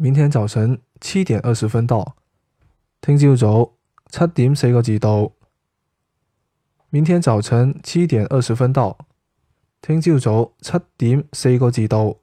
明天早晨七點二十分到，聽朝早七點四個字到。明天早晨七點二十分到，聽朝早七點四個字到。